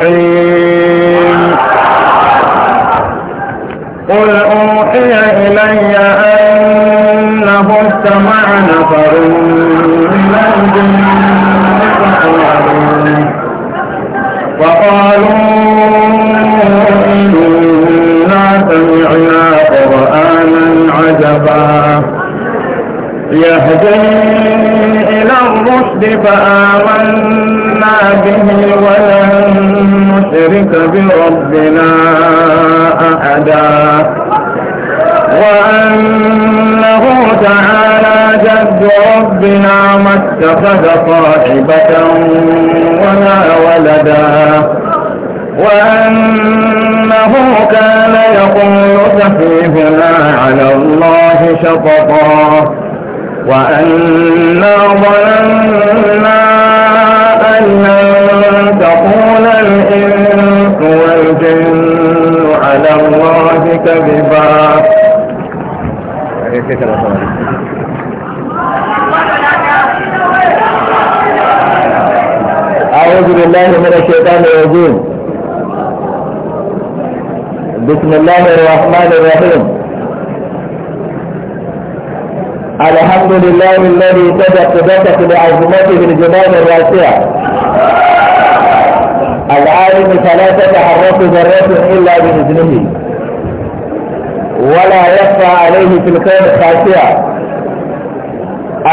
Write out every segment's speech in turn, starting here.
الرحيم قل أوحي إلي أنه استمع نفر من الجن فقالوا إنا سمعنا قرآنا عجبا يهدي إلى الرشد فأ اتخذ صاحبة ولا ولدا وأنه كان يقول سفيهنا على الله شططا وأنا ظننا أن لن تقول الإنس والجن على الله كذبا بسم الله الرحمن الرحيم الحمد لله الذي تدقدقت لعظمته الجبال الراسعة العالم فلا تتحرك ذرة إلا بإذنه ولا يخفى عليه في الكون خاشعة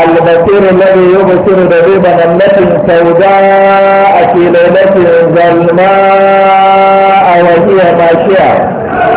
البصير الذي يبصر دبيب نملة سوداء في ليلة ظلماء وهي ماشية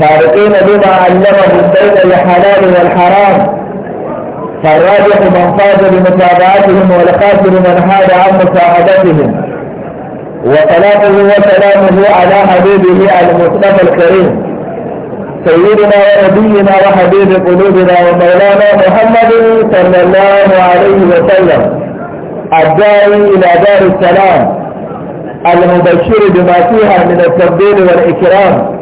فارقين بما علمه بين الحلال والحرام فالراجح من فاز بمتابعتهم والخاسر من حاد عن مساعدتهم وصلاته وسلامه على حبيبه المصطفى الكريم سيدنا ونبينا وحبيب قلوبنا ومولانا محمد صلى الله عليه وسلم الداعي الى دار السلام المبشر بما فيها من التبديل والاكرام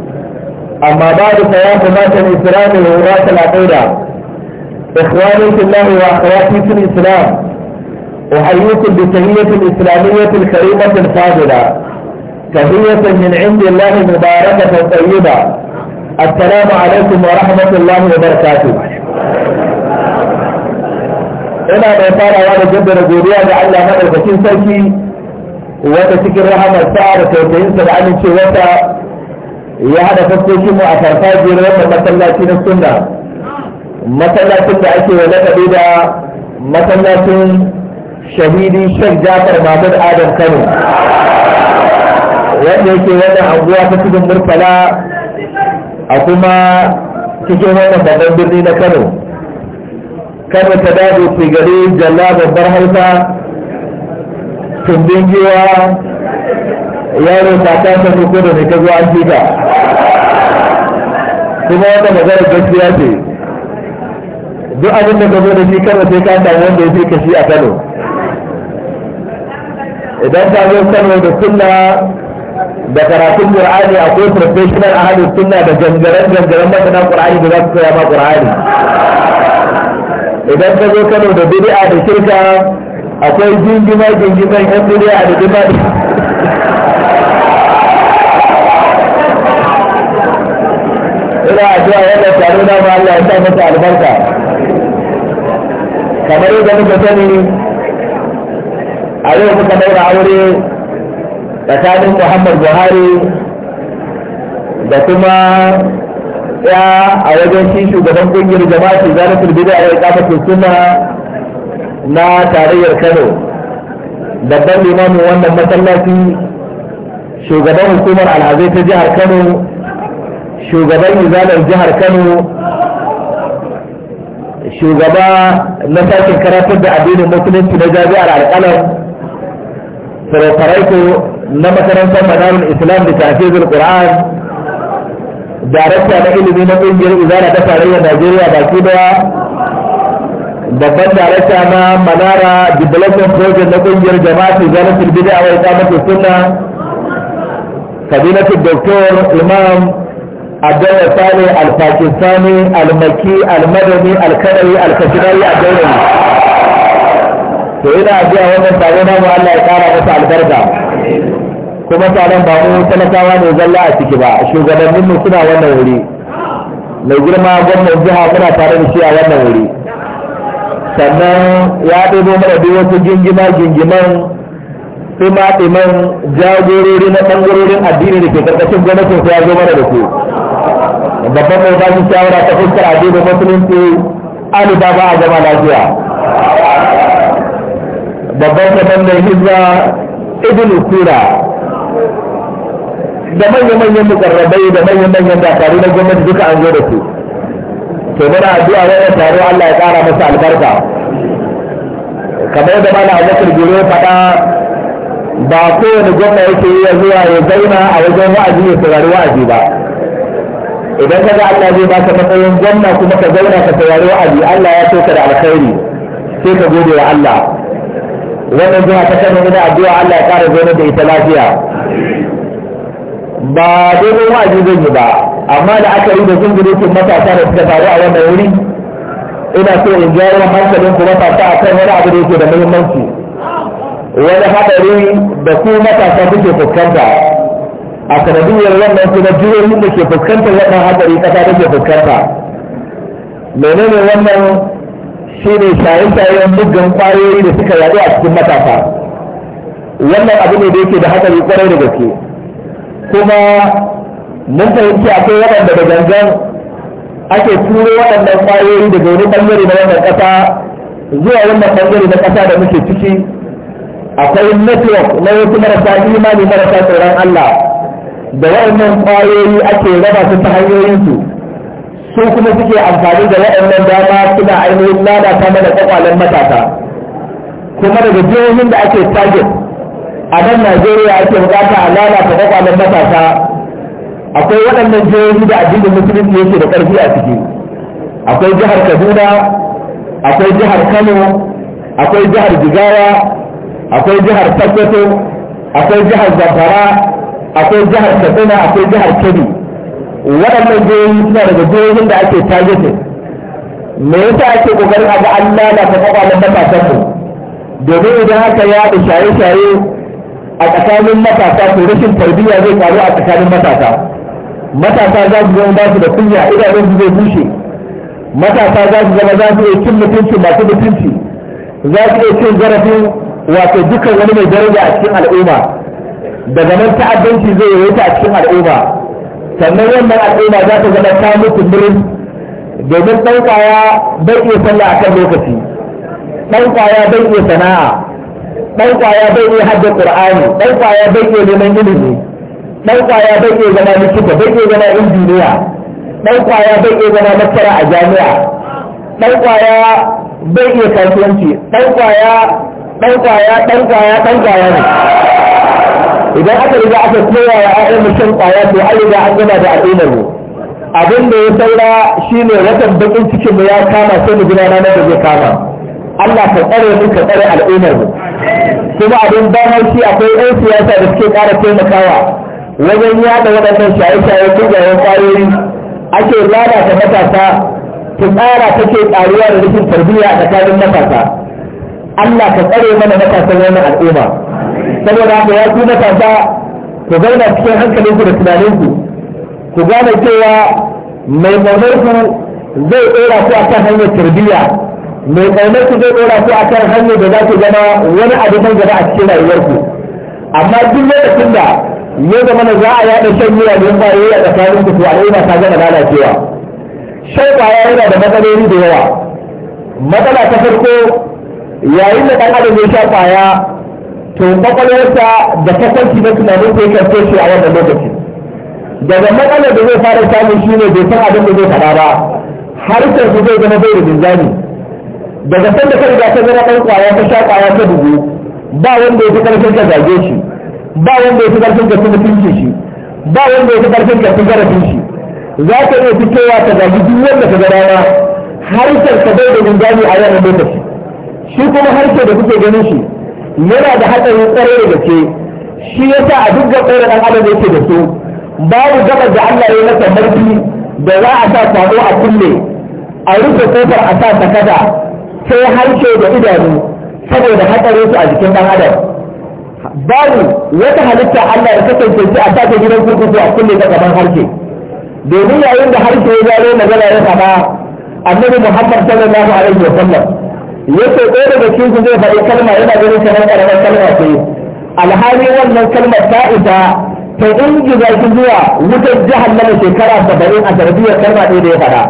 أما بعد فيا حماة الإسلام وولاة العقيدة إخواني في الله وأخواتي في الإسلام أحييكم بتهية الإسلامية الكريمة الفاضلة تهية من عند الله مباركة طيبة السلام عليكم ورحمة الله وبركاته ina mai farawa da jaddada godiya ga Allah madaukakin سيكي wata cikin السعر sa da tausayinsa da ya hada fuskokin mu a farfajiyar wannan masallaci na sunna masallacin da ake wa lakabi da masallacin shahidi shek jafar mahmud adam kano wanda yake wannan anguwa ta cikin murtala a kuma cikin wannan babban birni na kano kano ta dado gari jalla babbar haifa tumbin giwa yaro ta ta ta ko da ne ka zo an jika kuma wata magana gaskiya ce duk abin da ka zo da shi kano sai ka samu wanda ya fi ka shi a kano idan ka zo kano da sunna da karatun qur'ani akwai professional ahadin sunna da gangaren gangaren masana qur'ani da za su koya ma qur'ani idan ka zo kano da bid'a da shirka akwai jingima jingiman yan bid'a da bid'a ina addu'a wannan taro na ma Allah ya sa masa albarka kamar yadda muka sani a yau muka daura aure tsakanin Muhammad Buhari da kuma ya a wajen shi shugaban kungiyar jama'a shi zarar turbida a kafa suna na tarayyar Kano babban limamin wannan masallaci shugaban hukumar alhazai ta jihar Kano shugaban izalar jihar kano shugaba na sashen karatar da addinin musulunci na jami'ar alƙalar farfaraito na makarantar manarun islam da tafizul qur'an darakta na ilimi na ƙungiyar izala ta tarayyar najeriya baki daya babban darakta na manara development project na ƙungiyar jama'a tijjani bid'a wa iqamatu sunna fadilatul doktor imam عبد الله الثاني الباكستاني المكي المدني الكندي الكشمالي الدولي to ina biya wannan tare na mu Allah ya kara masa albarka kuma taron ba mu talakawa ne zalla a ciki ba shugabannin mu suna wannan wuri mai girma gwamnan jiha muna tare da shi a wannan wuri sannan ya ɗebo mana duk wasu gingima gingiman ima jagorori na ɓangarorin addinin da ke karkashin gwamnatin ya zo mana da su babban mai ba shi shawara ta fuskar addinin musulunci ali ba ba a zama lafiya babban kadan mai hijira ibn kura da manya-manyan mukarrabai da manya-manyan dakaru na gwamnati duka an zo da su to muna addu'a wani taro Allah ya kara masa albarka kamar da mana Abubakar Giro faɗa ba kowane gwamna yake yi zuwa ya zauna a wajen wa'azi ya saurari wa'azi ba idan ka ga Allah zai baka matsayin janna kuma ka zauna ka saurari wa'azi Allah ya so da alkhairi sai ka gode wa Allah wannan zuwa ta kano ina addu'a Allah ya kara zaune da ita lafiya ba dogon wa'azi zan yi ba amma da aka yi da zungurukin matasa da suka faru a wannan wuri ina so in jawo hankalin ku matasa a kan wani abu da yake da muhimmanci wani haɗari da ku matasa suke fuskanta a sanadiyar wannan kuma jihohin da ke fuskantar wannan hadari kasa da ke fuskanta menene wannan shi ne shaye-shayen muggan kwayoyi da suka yaɗu a cikin matasa wannan abu ne da yake da hadari kwarai da gaske kuma mun fahimci akwai waɗanda da gangan ake turo waɗannan kwayoyi daga wani ɓangare na wannan ƙasa zuwa wannan ɓangare na ƙasa da muke ciki akwai network na wasu marasa imani marasa tsoron Allah da waɗannan ƙwayoyi ake raba su ta hanyoyinsu su kuma suke amfani da wa'annan dama suna ainihin lalata mana kwakwalen matasa kuma daga jihohin da ake target a nan najeriya ake bukata a lalata kwakwalen matasa akwai waɗannan jihohi da abinda musulunci yake da ƙarfi a ciki akwai jihar kaduna akwai jihar kano akwai jihar jigawa akwai jihar sokoto akwai jihar zamfara akwai jihar katsina akwai jihar kebbi waɗannan jihohi suna daga jihohin da ake targeting me yasa ake kokarin a ga an lalata kwakwalen matasan mu domin idan haka ya haɗu shaye-shaye a tsakanin matasa to rashin tarbiyya zai faru a tsakanin matasa matasa za su zama ba su da kunya idanun su zai bushe matasa za su zama za su iya cin mutunci masu mutunci za su iya cin zarafin wato dukkan wani mai daraja a cikin al'umma daga nan ta'addanci zai yawaita a cikin al'umma sannan wannan al'umma za ta zama ta mutu murin domin ɗaukawa ƙwaya bai iya sallah a kan lokaci ɗaukawa ƙwaya bai iya sana'a ɗaukawa ƙwaya bai iya hajja ƙur'ani ɗaukawa ƙwaya bai iya neman ilimi ɗaukawa ƙwaya bai iya zama likita bai iya zama injiniya ɗaukawa ƙwaya bai iya zama masara a jami'a ɗaukawa ƙwaya bai iya kasuwanci ɗaukawa ɗaukawa ɗaukawa ɗaukawa ɗan ƙwaya ne idan aka riga aka koya wa ayyan mutum kwaya to an riga an gama da al'ummar mu abin da ya saura shine watan bakin cikin mu ya kama sai mu gina na da zai kama Allah ka tsare mu ka tsare al'ummar mu kuma abin bayan shi akwai 'yan siyasa da suke ƙara taimakawa wajen yada waɗannan shaye-shaye kujayen kwayoyi ake lalata matasa tsara take ƙaruwa da rashin tarbiyya a tsakanin matasa Allah ka tsare mana matasan wannan al'umma saboda haka ya ku matasa ku zauna cikin hankalin ku da tunanin ku ku gane cewa mai maunar ku zai dora ku akan hanyar tarbiyya mai kaunar ku zai dora ku akan hanyar da za ku zama wani abu nan gaba a cikin rayuwar ku amma duk lokacin da ya zama na za a yaɗa shan miya don ba yayi a tsakanin ku to al'umma ta gama lalacewa shan kwaya yana da matsaloli da yawa matsala ta farko yayin da ɗan adam ya sha kwaya to kwakwalwarsa da kwakwanci na tunanin sai kan shi a wannan lokaci daga matsalar da zai fara samun shi ne bai san abin da zai faɗa ba sai su zai zama bai da binzani daga sanda kai da ka zama ɗan kwaya ka sha kwaya ka dubu ba wanda ya fi ƙarfin ka zage shi ba wanda ya fi ƙarfin ka tuna tunce shi ba wanda ya fi ƙarfin ka fi zarafin shi za ka iya fitowa ka zagi duk wanda ka gada Har sai ka bai da binzani a wannan lokaci shi kuma harshe da kuke ganin shi yana da hatsarin tsare da gaske shi ya sa a duk gaɓar da ɗan adam yake da su babu gaba da Allah ya masa marfi da za a sa sabo a kulle a rufe kofar a sa sakata sai harshe da idanu saboda hatsarin su a jikin ɗan adam babu wata halitta Allah da kasance shi a sa ta gidan kurkuku a kulle da gaban harshe domin yayin da harshe ya gano magana ya faɗa annabi Muhammad sallallahu alaihi wa sallam yace ɗaya daga cikin zai faɗi kalma yana ganin kamar karamar kalma ce alhali wannan kalmar ta isa ta ingiza shi zuwa wutar jahannama shekara saba'in a tarbiyyar kalma ɗaya da ya faɗa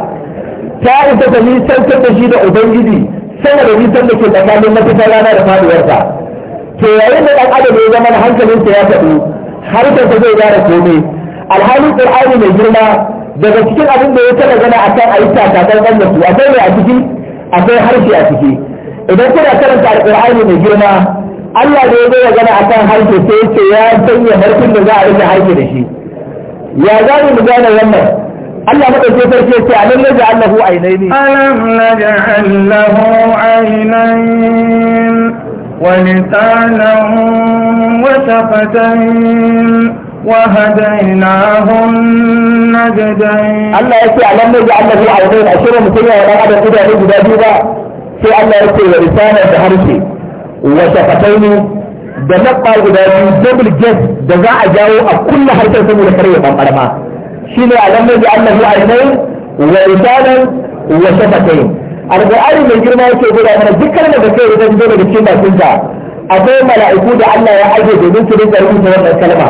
ta isa ta nisantar da shi da ubangiji sama da nisan da ke tsakanin mafita rana da faduwarsa to yayin da ɗan adam ya zama hankalinsa ya faɗi ta zai gara komai alhali ƙur'ani mai girma daga cikin abin da ya a kan akan ayi takatar kan da su akwai mai a ciki akwai harshe a ciki idan kuna karanta alƙur'ani mai girma Allah ne zai gana akan harshe sai yace ya sanya harfin da za a rike harshe da shi ya za mu gane wannan Allah madauke sarki yace alam naj'al allahu aynaini alam naj'al lahu aynain wa lisanan wa shafatain وهديناه النجدين الله يسي علم نجي الله في عينين أشير مسيح ولا هذا كده نجي ده جيبا في الله يسي ولسانا بحرشي وشفتين da labba guda biyu double gate da za a jawo a kulla harshen saboda kare ban barma shine alam nabi Allah ya ainai wa risalan wa shafatain alqur'ani mai girma yake gura mana dukkan da kai idan zo da cikin bakin akwai mala'iku da Allah ya aje domin su rinka rubuta wannan kalma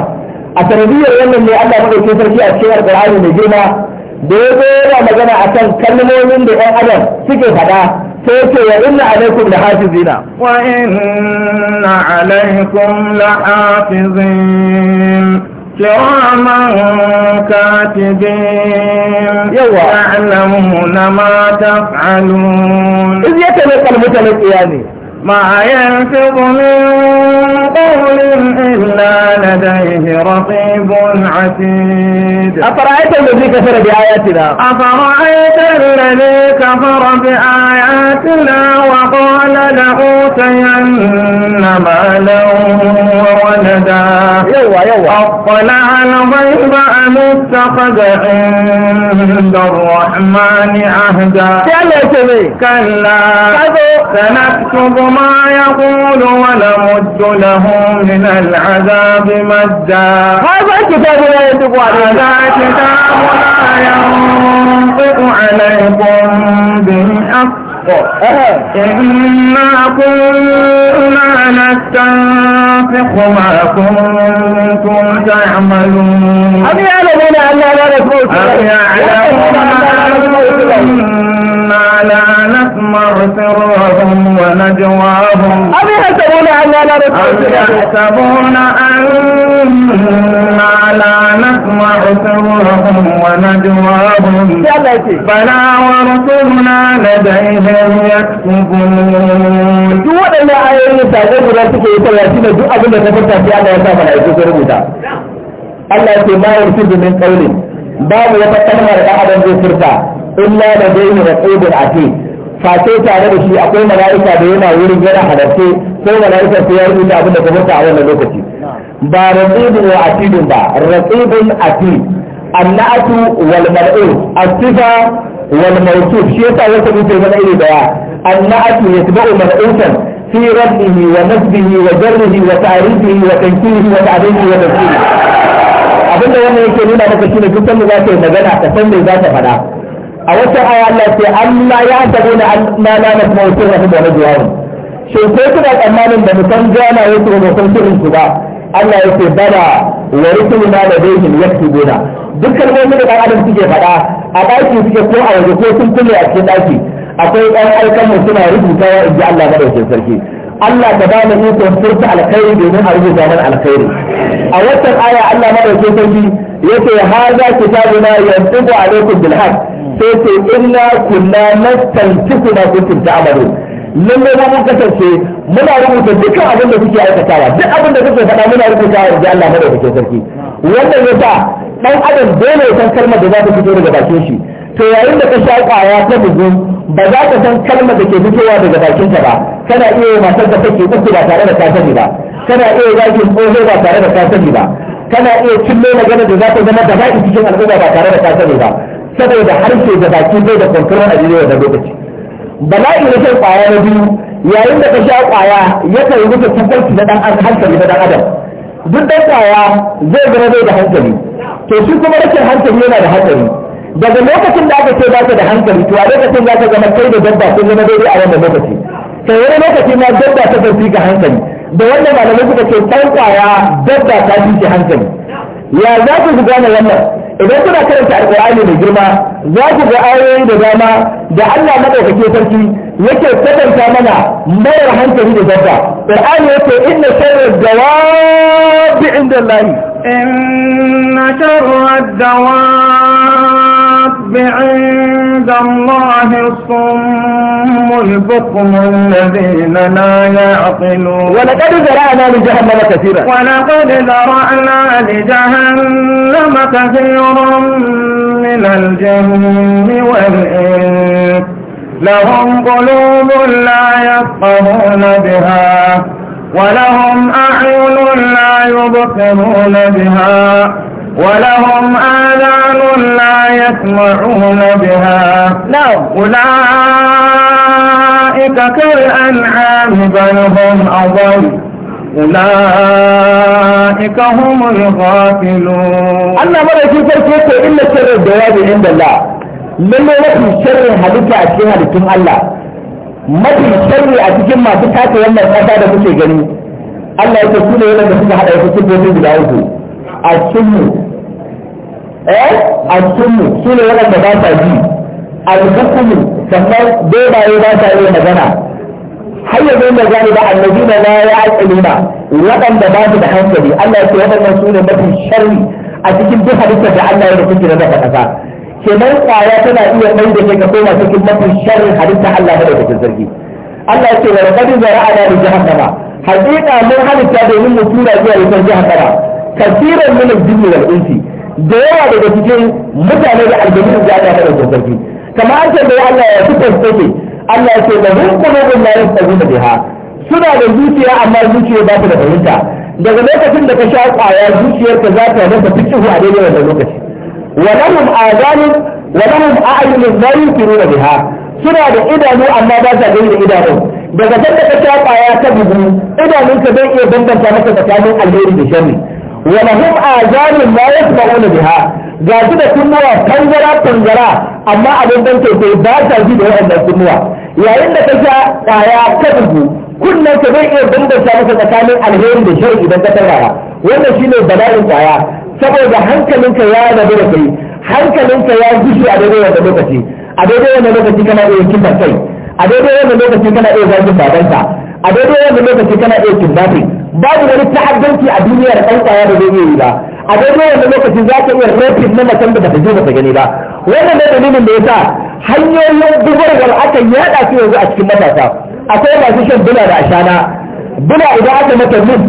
a sanadiyar wannan ne Allah madaukakin sarki a cikin alqur'ani mai girma da ya zo yana magana akan kalmomin da ɗan adam suke faɗa sai ya ce wa inna alaikum la hafizina wa inna alaikum la hafizin كراما كاتبين يعلمون ما تفعلون إذ يتلقى المتلقيان ما ينفض من قول إلا لديه رقيب عتيد أفرأيت الذي كفر بآياتنا أفرأيت الذي كفر بآياتنا وقال لأوتين مالا وولدا يوى يوى أطلع الغيب أم اتخذ عند الرحمن عهدا كلا سنكتب ما يقول ونمد له من العذاب مدا هذا كتاب لا ينطق علينا هذا كتاب لا ينطق عليكم بالحق إنا كنا نستنفق ما كنتم تعملون أم يعلمون أن لا نفوت أم يعلمون ولا نسمع ونجواهم أم يحسبون أننا لا يحسبون أننا لا نسمع ونجواهم ورسلنا لديهم يكتبون da yi ne abin da ta Allah ya sa mana yake sun rubuta Allah ya ce ma yarfi min da adam zai furta illa da zai yi raƙobin ake face tare da shi akwai mala'ika da yana wurin yana halarce ko mala'ika sai ya rubuta abin da ka mutu a wannan lokaci ba raƙibin wa atidun ba raƙibin atid annatu wal mal'u asifa wal mawsuf shi yasa wata mutum yana iri daya annatu yatba'u mal'utan في رده ونسبه وجره wa وتنكيره وتعريفه وتنكيره abinda wannan yake nuna maka shine duk sanda za ka yi magana ka san me za ka faɗa a wata aya Allah ce Allah ya tabi na na na na kuma wasu rahu da na jihar shin ko suna tsammanin da musan gana wasu da musan shirin su ba Allah ya ce bada wa rukun na da zaihin ya fi gona dukkan wani da adam suke faɗa a ɗaki suke ko a waje ko sun kulle a cikin ɗaki akwai ɗan aikan mu suna rubutawa in ji Allah madaukakin sarki Allah ta bani iko furta alkhairi domin a rubuta mana alkhairi a wannan aya Allah madaukakin sarki yace hadha kitabuna yantiqu a lokacin haqq sai ce inna kunna nastantiku ma kuntum ta'malu lalle ba mun kasance muna rubuta dukkan abin da kuke aikatawa duk abin da kuke faɗa muna rubuta wa da Allah madaukakin sarki ya sa dan adam dole ya san kalmar da za ta fito daga bakin shi to yayin da ka sha kwaya ta bugu ba za ka san kalmar da ke fitowa daga bakinta ba kana iya yi matar da take uku ba tare da kasani sani ba kana iya yi zakin tsoho ba tare da ka ba kana iya cin magana da za ta zama da ba'i cikin al'umma ba tare da kasani ba saboda harshe da baki bai da control a jirewa da lokaci bala'i na shan kwaya na biyu yayin da ka sha kwaya yakan rufe tafarki na dan hankali na dan adam duk dan kwaya zai zama bai da hankali to shi kuma rashin hankali yana da hankali daga lokacin da aka ce ba ka da hankali to a lokacin za ka zama kai da dabba sun zama daidai a wannan lokaci sai wani lokaci ma dabba ta fi ka hankali da wanda malamai suka ce san kwaya dabba ta fi hankali ya za ku gane wannan idan kuna karanta alƙur'ani mai girma za ku ga ayoyi da dama da Allah madaukake sarki yake sabanta mana mayar hankali da dabba qur'ani yake inna sharra dawabi inda Allah inna sharra dawabi الحق عند الله الصم البكم الذين لا يعقلون ولقد ذرأنا لجهنم كثيرا ولقد ذرأنا لجهنم كثيرا من الجن والإنس لهم قلوب لا يفقهون بها ولهم أعين لا يبصرون بها ولهم آذان لا يسمعون بها نعم أولئك كالأنعام بل هم أضل أولئك هم الغافلون أنا مرة كنت قلت إلا شر الدواب عند الله لما وفي شر حديث أشياء لكم الله mafi sharri a cikin masu tace وما kasa وما kuke وما Allah وما ce وما ne وما da suka haɗa wasu sifofi guda uku a cikinmu eh a cikinmu su ne waɗanda ba sa ji albukumu sannan dogaye ba sa iya magana har yanzu da gani ba annabi na la ya aƙali ba waɗanda ba su da hankali Allah ya ce waɗannan su ne mafi sharri a cikin duk halittar da Allah ya da kuke da ƙasa kenan kwaya tana iya mai da kai ka koma cikin mafi sharrin halitta Allah da kuke zargi Allah ya ce wa laqad zara'ana li jahannama haƙiƙa mun halitta domin mu tura zuwa wutar jahannama kafiran min al-jinni wal insi da yawa daga cikin mutane da aljanu da Allah ta dauka sarki kamar an ce da Allah ya fi tsaye Allah ya ce da mun qulubun la yastazuna biha suna da zuciya amma zuciya ba ta da fahimta daga lokacin da ka sha kwaya zuciyarka za ta rasa fikihu a daidai wannan lokaci wa lahum adanun wa lahum a'yunun la yusiruna biha suna da idanu amma ba sa gani da idanun daga sanda ka sha kwaya ta bugu idanunka zai iya bambanta maka tsakanin alheri da sharri ولهم آذان لا يسمعون بها ga su da kunnuwa tangara tangara amma abin dan kai ba ta ji da wannan kunnuwa yayin da ka sha kaya ka dubu kunnan ka zai iya bambanta maka tsakanin alheri da shari idan ka tangara wannan shine bala'in kaya saboda hankalinka ya rabu da kai hankalinka ya gushi a daidai wannan lokaci a daidai wannan lokaci kana iya kin kai a daidai wannan lokaci kana iya zagin babanka a daidai wanda lokaci kana iya kidnapping babu wani ta'addanci a duniyar ɗan ƙwaya da zai yi ba a daidai wanda lokaci za ka iya rapid na macen da ba ta je ba ta gani ba wannan ne dalilin da yasa hanyoyin bugarwar aka haɗa su yanzu a cikin matasa akwai masu shan bula da ashana bula idan aka mata min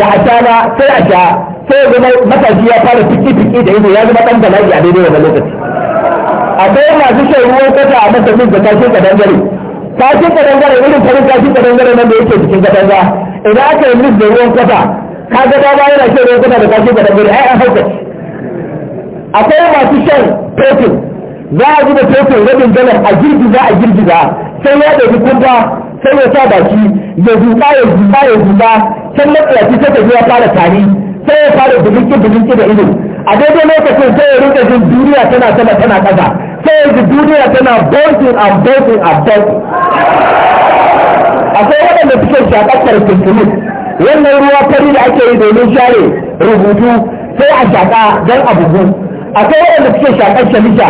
da ashana sai a sha sai ya zama matashi ya fara fiki-fiki da ido ya zama ɗan bala'i a daidai wannan lokaci akwai masu shan ruwan kasa a mata min da kashin ka dangare kashin kadangare irin farin kashin kadangare nan da yake cikin katanga idan aka yi mis da ruwan kwata ka ga ba yana shan ruwan kasa da kashin kadangare ai an hauka akwai masu shan fetur za a zuba fetur rabin dalar a girgiza a girgiza sai ya ɗauki kumfa sai ya sa baki ya zuba ya zuba ya zuba can matsalaci sai ka ya fara tari sai ya fara bulinki bulinki da ido a daidai lokacin sai ya rinka jin duniya tana sama tana ƙasa sai duniya tana bolting and bolting and bolting akwai waɗanda suke shaƙar karfin wannan ruwa fari da ake yi domin share rubutu sai a shaƙa don abubu akwai waɗanda suke shaƙar shalisha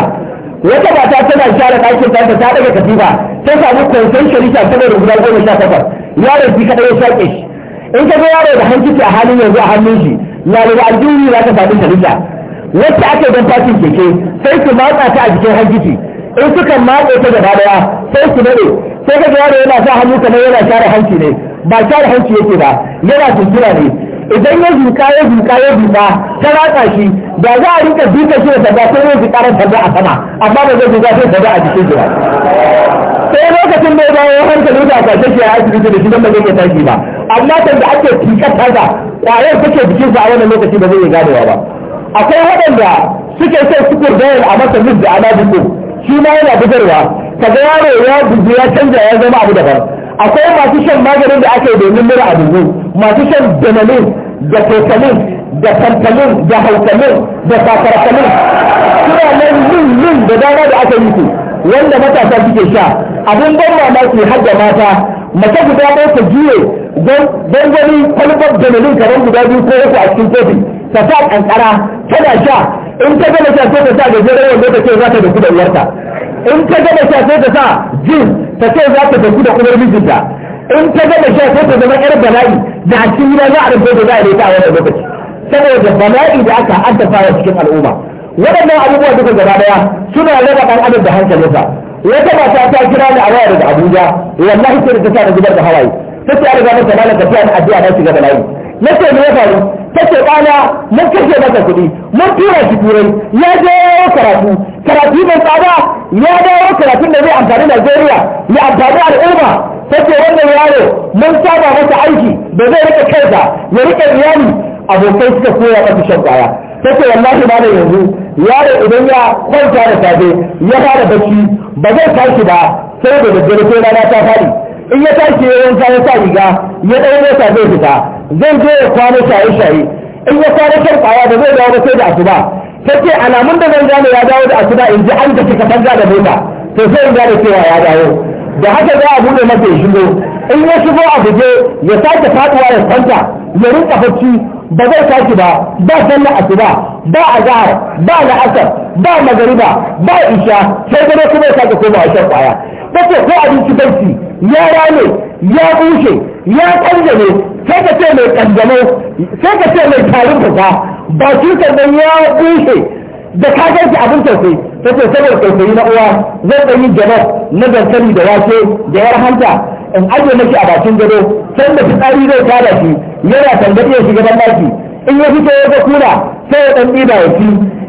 wata mata tana share ɗakin ta ta daga katifa ta samu kwanson shalisha saboda rubuta goma sha takwas yaron shi kaɗai ya shaƙe shi in ka ga yaro da hankici a halin yanzu a hannun shi na da aljihu za ka samu shalisha wacce ake don fashin keke sai su matsa ta a jikin hankici in suka matsa ta gaba daya sai su nade sai kaga da yana sa hannu kamar yana share hanci ne ba share hanci yake ba yana tuntura ne idan ya zuka ya zuka ya zuka ta ratsa shi da za a rika duka shi da sanda sai ya zuka ran sanda a sama amma ba zai zuka sai sanda a jikin jira sai lokacin da ya dawo hankali da kwashe shi a asibiti da shi don ba zai iya tashi ba amma sanda ake tikar da kwayar take jikinsa a wannan lokaci ba zai gane ganewa ba akwai waɗanda suke sai sukur dayar a masa mis da ana duk shi ma yana bugarwa kaga yaro ya bugu ya canja ya zama abu daban akwai masu shan maganin da ake domin mura a dubu masu shan danalin da kokalin da tantalin da haukalin da sakarkalin suna nan yin yin da dama da aka yi su wanda matasa suke sha abin ban mamaki har da mata mace guda ɗaya ta juye don gani kwalifar danalin karen guda biyu ko uku a cikin kofi ta sa kankara tana sha in ta gama sha sai ta sa gajeren wanda ta ce za ta daku da uwarta in ta gama sha sai ta sa jin ta ce za ta daku da uwar mijinta in ta gama sha sai ta zama yar bala'i da a cikin za a rubuta za a yi ta a wannan lokaci saboda bala'i da aka addafa a cikin al'umma waɗannan abubuwa duka gaba daya suna raba ɗan adam da hankalinsa wata mata ta kira ni a waya daga Abuja wallahi sai da ta sa na zubar da hawaye sai ta riga mata malaka ta addu'a na shiga bala'i nace me ya faru kashe ɗana mun kashe masa kuɗi mun tura shi turai ya je yawo karatu karatu mai tsada ya dawo karatun da zai amfani Najeriya ya amfani al'umma take wannan yaro mun saba masa aiki da zai rika kaisa ya rika iyali abokai suka koya masa shan kwaya take wallahi ba da yanzu yaro idan ya kwanta da safe ya fara bacci ba zai tashi ba sai da daddare sai rana ta faɗi in ya tashi ya yanka ya sa riga ya ɗaure sa zai fita zan je ya kwano shaye-shaye in ya kwano shan kwaya da zai dawo ba sai da asuba ta ce alamun da zan gane ya dawo da asuba in ji an da ka banza da mota to sai in gane cewa ya dawo da haka za a buɗe masa ya shigo in ya shigo a guje ya sake faduwa ya kwanta ya rinka bacci ba zai tashi ba ba sallar asuba ba azhar ba la'asar ba magariba ba isha sai gare kuma ya sake komawa shan kwaya ta ko abinci bai ya rame ya bushe ya kanjame sai ka ce mai kanjamau sai ka ce mai tarin fuka bakin ka dan ya bushe da ka ga shi abin tausayi ta ce saboda tausayi na uwa zai ɗan yi jama'a na dankali da wake da yar hanta in aje maki a bakin gado can da fitsari zai tada shi yana tambaye shi gaban daki in ya fito ya ga kula sai ya ɗan ɗiba ya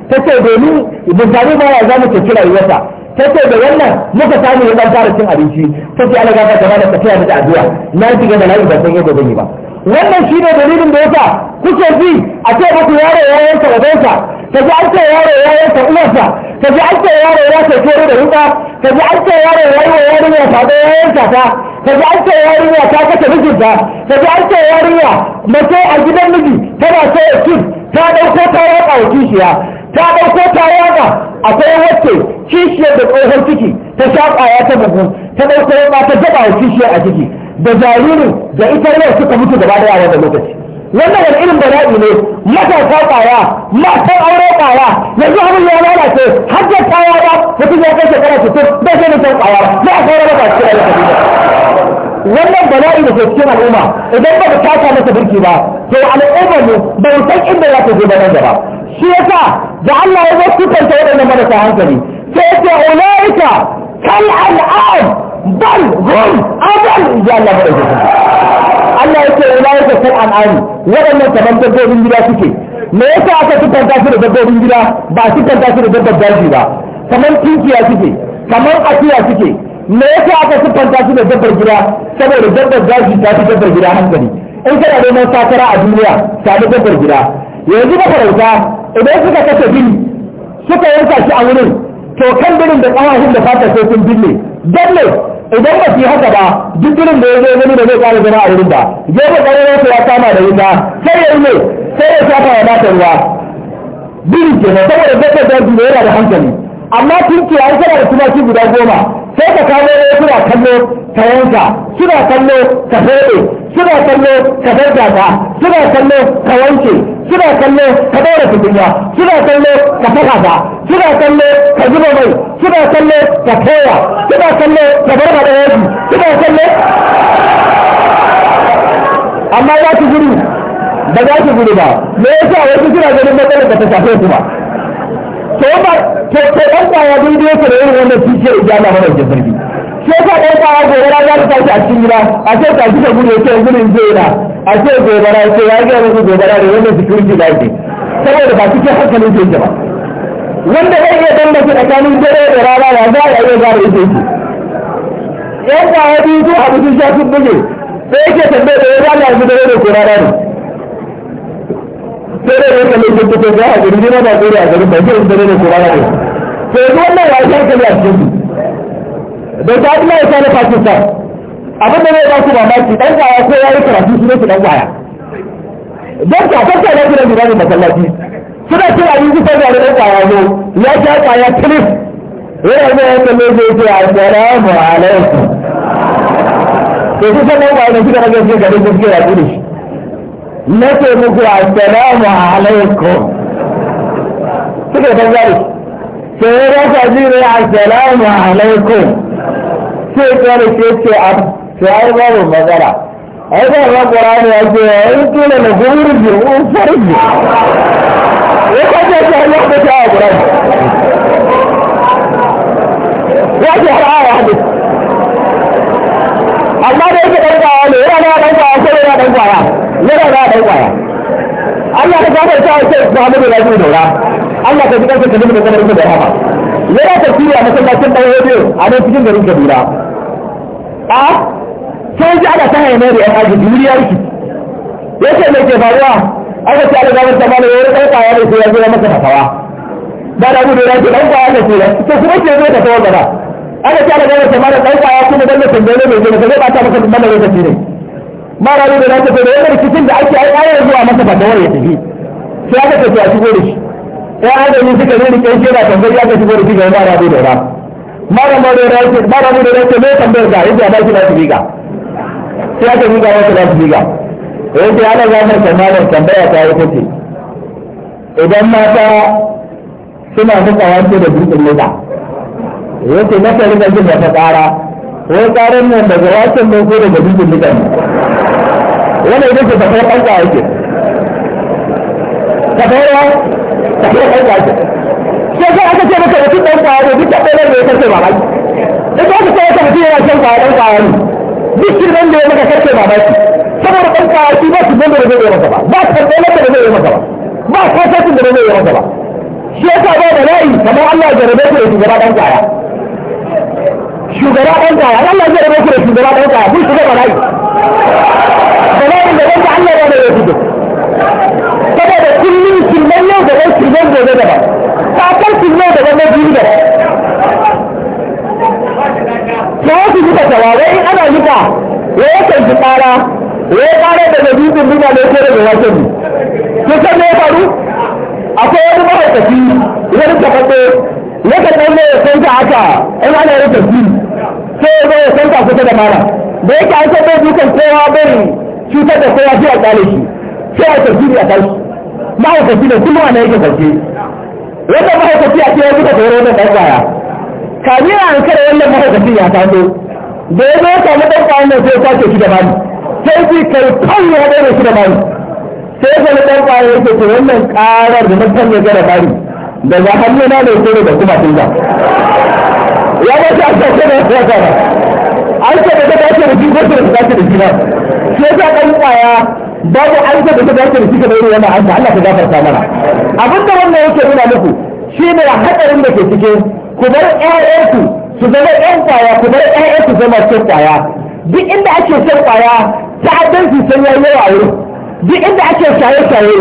ta ce domin misali ba ya za mu tafi rayuwarsa ta ce da wannan muka samu ya ɗan fara cin abinci ta ce ana gafa gaba da tafiya da addu'a na shiga da layi ba san yadda zan yi ba wannan shi ne dalilin da yasa kuke ji a ce muku yaro ya yanka rabansa ta ji an ce yaro ya yanka uwarsa ta ji an ce yaro ya ce kere da ruka ta ji an ce yaro ya yi wa yarinya fado ya yanka ta ta ji an ce yarinya ta kace mijinta ta ji an ce yarinya mace a gidan miji tana so ya ta ɗauko ta raka wa kishiya ta ɗauko ta akwai wacce kishiyar da tsohon ciki ta sha kwaya ta bugu ta ɗauko ba ta jaba wa kishiyar a ciki da jariri da ita yau suka mutu gaba da yawa da lokaci wannan wani irin bala'i ne mata matasa kwaya mata aure kwaya yanzu abin ya lalace har da ba mutum ya kai shekara tun bai sai mutum ƙaya za a kawo raba cikin ayyukan wannan bala'i da ke cikin al'umma idan ba ta kasa masa birki ba to al'ummar ne ba san inda za ta je ba nan gaba shi yasa da Allah ya zo kusanta waɗannan marasa hankali sai ce ulaika kal al'am bal hum adal ya Allah ba zo Allah ya ce ulaika kal al'am waɗannan kaman dabbobin gida suke me yasa aka kusanta su da dabbobin gida ba a kusanta su da dabbobin gida ba kaman tinkiya suke kaman akiya suke me yasa aka kusanta su da dabbar gida saboda dabbar gida ta fi dabbar gida hankali in kana neman sakara a duniya sami dabbar gida yanzu mafarauta idan suka kashe biri suka yanka shi a wurin to kan birin da kawashin da fatar sai sun binne don idan ba su yi haka ba duk birnin da ya zo wani da zai kara zama a wurin ba gefe ba na ya kama da wuta sai ya yi ne sai ya shafa ya bata ruwa biri ke na saboda zafin da yanzu yana da hankali amma tun ke an kana da tumaki guda goma sai ka kawo ne suna kallo ka yanka suna kallo ka fere. suna kallo ka sarga ta suna kallo ka wanke suna kallo ka daura tukunya suna kallo ka saka ta suna kallo ka zuba mai suna kallo ka koya suna kallo ka ba da su suna kallo amma za ki gudu ba za ki gudu ba me yasa wasu suna ganin matsalar da ta shafe su ba to ba to ko dan kwaya daidai yake da irin wannan ya ma mana jirgi sai ka ɗaya kawo gobara za ta tashi a cikin gida a ce ka ji ka gudu ya ce gudun na a ce gobara ce ya ga musu gobara da wannan security ba ne saboda ba cikin hankalin ke ba wanda zai iya bambance tsakanin dare da rana ya za a iya gara ita yake yan kawo biyu ko abu sun sha sun buge sai yake tambaye da ya za a dare da ko rana ne sai da ya kalli kuka ko za a gari ne ba ko a gari ba sai dare da ko rana ne sai wannan ya sha kalli a cikin bai ta Allah ya sani Pakistan abin da zai ba su mamaki dan kwaya ko ya yi karatu su ne su dan kwaya don ka kasa na gidan gidan masallaci suna kira yi kusa da dan kwaya zo ya ta kwaya tilis yana ne ya kalle zai ce assalamu alaikum to su san dan kwaya ne kika rage shi garin gaskiya ya shi na ce muku assalamu alaikum suka yi banzari sai ya rasa ji ne assalamu alaikum sai kare sai ce a sai babu magana ai ba ba qur'ani ya ce ai kila na gurur ji un farji ya kace ta ya ta ta qur'ani ya ce har aya hadis amma da yake dan kawa ne yana da dan kawa sai yana dan kawa yana da dan kawa Allah ka gafar ta sai Muhammadu Rasul Daura Allah ka ji kansa da mutum da kamar da haka yana tafiya masallacin dawo a nan cikin garin Kaduna a sai ji ana ta hayanai da yan haji ya ya ce mai ke faruwa aka ce zamar tamar da wani ɗauka ya ne ya zo masa fasawa ba da gudu ya ce ɗauka ya ne ya ce kuma ce zai tafi wanda ba aka ce ana zamar tamar da ɗauka ya kuma don da zai zai ba ta masa tamar da lokaci ne ma da gudu ya ce da rikicin da ake ai ayar zuwa masa ya tafi sai aka ce a shigo da shi ya suka da shigo da shi ga da ba mara mara da yake mara mara da yake da yake ba shi ba shi sai aka yi ga wasu ba shi ga yake ana zama kamar tambaya ta yi kace idan mata suna muka wanke da dukkan leda yake na kai da jin wata tsara ko tsarin nan daga wakin nan ko daga dukkan wannan yake da kai kanka yake ka bayar ka yake ya sai aka ce maka mutum ɗan kwaya ne duk ɗan ɗan ne ya karfe mamaki in ba ka sai ka ce yana shan kwaya ɗan kwaya ne duk da ya maka karfe mamaki saboda ɗan kwaya shi ba su ganda da zai yi masa ba ba su ɗan da zai yi masa ba ba kasashen da zai yi masa ba shi yasa ba da la'i kamar Allah ya rabe ku da shugaba kwaya ɗan kwaya Allah ya rabe ku da shugaba kwaya shugaba da wanda Allah ya rabe ku saboda yau kirgar gobe da ba kakar kirgar da wanda biyu da ta wasu zuka tawa wai ana zuka wai ya kan ji ƙara wai ƙara da da biyu ɗin da ya ko da waken ne ko san me ya faru akwai wani mahaukaci wani tafaɗo ya kan ɗan ya sanka haka in ana yin tafi sai ya zo ya sanka kusa da mara da yake an san bai dukan kowa bai cutar da kowa sai a ƙale shi sai a tafi tasiri a tashi ma'aikaci ne kuma a yake sarki wanda ma'aikaci a cewa suka tsoro da ɗan kaji a an kare wannan mahaukacin ya taso da ya zo samu ɗan sai ya sake shi da bani sai shi kai ya ɗaure shi da bani sai ya sami ɗan ya ce wannan ƙarar da mutum ya gara bani da kuma tunza ya ba shi a sauke da ya an ce da ta da shi ko da ta shi ba sai ya ɗan kwaya babu an da ta dace da kika bayyana wannan an Allah ka gafarta mana abin da wannan yake nuna muku shine hadarin da ke cikin ku bar ƴaƴanku su zama ƴan kwaya ku bar ƴaƴanku zama cikin kwaya duk inda ake cikin kwaya ta'addanci sai ya yawa a wurin duk inda ake shaye-shaye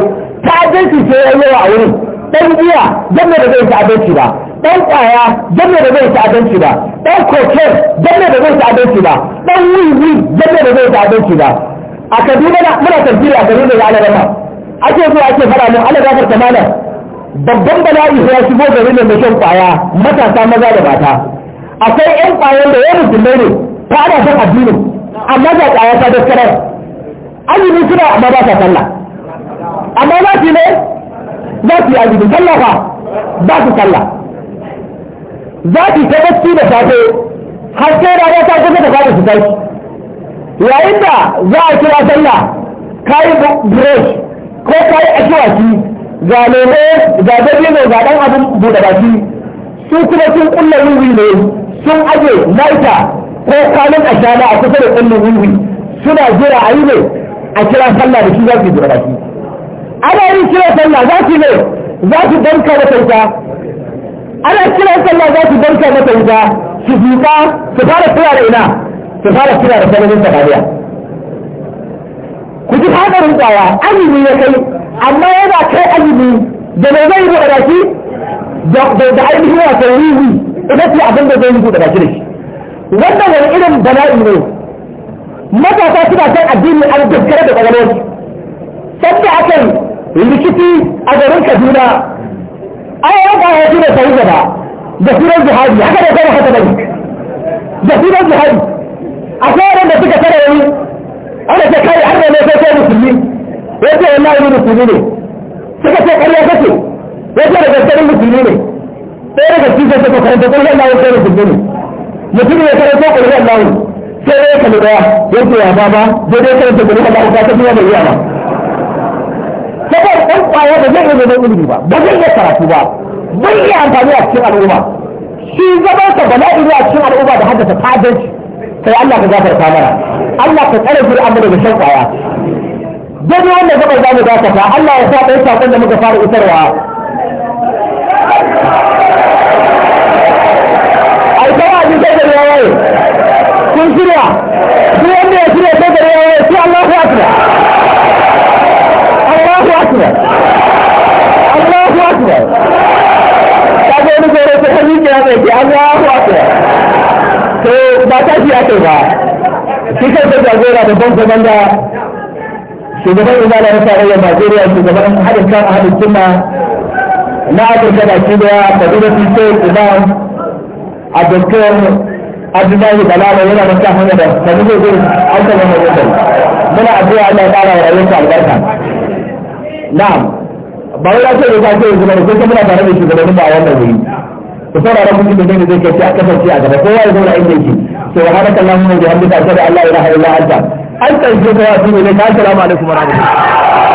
ta'addanci sai ya yawa a wurin dan giya dan da zai abinci ba dan kwaya dan da zai abinci ba dan kokin dan da zai abinci ba dan wiwi dan da zai abinci ba a kaduna da muna tafsiri a kaduna da ala rama ake zuwa ake fara mun ala gafar kamala babban bala'i ya shigo garin nan mai shan kwaya matasa maza da mata akwai yan kwayan da yawan musulmai ne ta ana son addini amma za ga kwaya ta daskarar azumi suna amma ba sa sallah amma za su ne za su yi azumi sallah ba ba su sallah za su ta da safe har sai rana ta kusa da fara su tashi yayin da za a kira sallah ka yi brush ko ka yi ashiwaki ga lemo ga ne ga dan abin buɗe baki su kuma sun ƙulla wiwi ne sun aje laita ko kanun ashala a kusa da ƙullin wiwi suna jira a yi ne a kira sallah da shi za su buɗe baki ana yin kira sallah za su ne za su danka da kanta ana kira sallah za su danka da kanta su buka su fara tura da ina ku fara kira da sanarin samaniya ku ji hadarin kwaya azumi ya kai amma yana kai azumi da mai zai buɗe shi da ainihin wasan rihi ita ce abin da zai yi buɗe baki da shi wannan wani irin bala'i ne matasa suna kan addini an gaskara da ƙwaƙwalwarsu sanda aka yi rikici a garin kaduna an yi ba ya da sayi gaba da sunan jihadi haka da zai haka bane da sunan jihadi akwai waɗanda suka tare wani ana ce kai an da ne sai sai musulmi ya ce wallahi ni musulmi ne suka ce ƙarya kake ya ce da gaske musulmi ne sai daga cikin sai ka karanta ƙarya Allah ya sai musulmi ne mutum ya karanta ƙarya Allah sai ya kalli daya ya ce ya baba zai dai karanta ƙarya Allah ta tafiya da iya ba saboda ɗan ƙwaya ba zai iya zama ilimi ba ba zai iya karatu ba Bai iya amfani a cikin al'umma shi zama sa bala'i ne a cikin al'umma da haddasa ta'addanci sai Allah ka gafarta mana Allah ka tsare amma daga shan kwaya dole wanda gabar zamu Allah ya sa dai sakon da muka fara isarwa ai kuma ji da yawa kun shirya duk wanda ya shirya da yawa sai Allahu akbar Allahu akbar Allahu akbar kaje ne gore ta hanyar da ya Allahu akbar to eh, ba ta fiya kai ba shi kai ta jagora da ban gaban da shugaban ibada na tarayyar najeriya shugaban haɗin kan haɗin kuma na afirka da shi da kaduna fiye imam a doktor abdullahi yana da sa hanyar da ta zuwa zuwa an mai hanyar muna addu'a Allah ya ƙara wa rayuwarsa albarka na'am ba wai ya ce da ta ce yanzu ba da kusa muna tare da shugabannin ba a wannan wuri ku saurara da ji da zai kai a kasance a gaba kowa ya zauna inda yake subhanaka allahumma wa bihamdika ashhadu an la ilaha illa anta an karshe kawai ne ka assalamu alaikum wa rahmatullahi